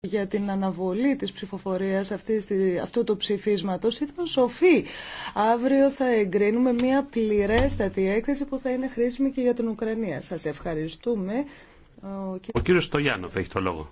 για την αναβολή της ψηφοφορίας αυτού του ψηφίσματος ήταν σοφή. Αύριο θα εγκρίνουμε μια πληρέστατη έκθεση που θα είναι χρήσιμη και για την Ουκρανία. Σας ευχαριστούμε. Ο, κύριος Στογιάννοφ έχει το λόγο.